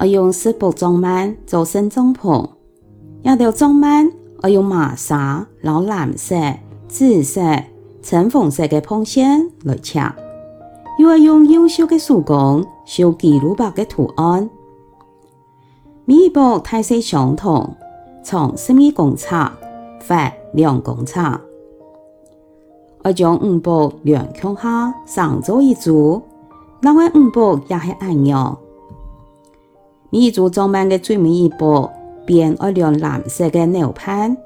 我用十布裝滿做成帳篷，要碟裝滿我用麻紗、老藍色、紫色、橙紅色的布線來織，又而用優秀的手工繡基路伯的圖案。每一步大小相同，從新米公尺寬兩公尺，我將五布兩瓊下上做一組，另外五布也係按鈕第一組裝滿嘅最尾一包，便要用藍色的鈕盤，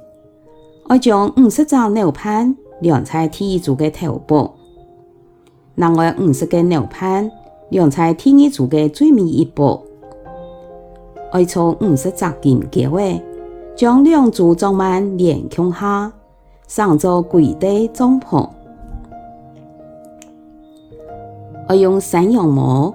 我將五十個鈕盤量在第一組嘅頭部，另外五十個鈕盤量在第二組嘅最尾一包，我從五十張金鉤嘅，將兩組裝滿連瓊下，上做櫃底帳篷，我用山羊膜。